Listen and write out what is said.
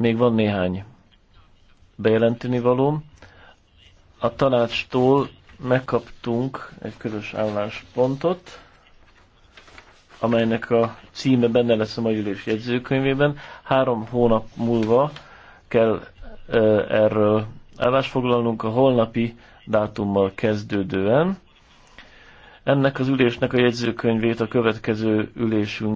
Még van néhány bejelenteni való. A tanácstól megkaptunk egy közös álláspontot, amelynek a címe benne lesz a mai ülés jegyzőkönyvében. Három hónap múlva kell erről állásfoglalnunk a holnapi dátummal kezdődően. Ennek az ülésnek a jegyzőkönyvét a következő ülésünk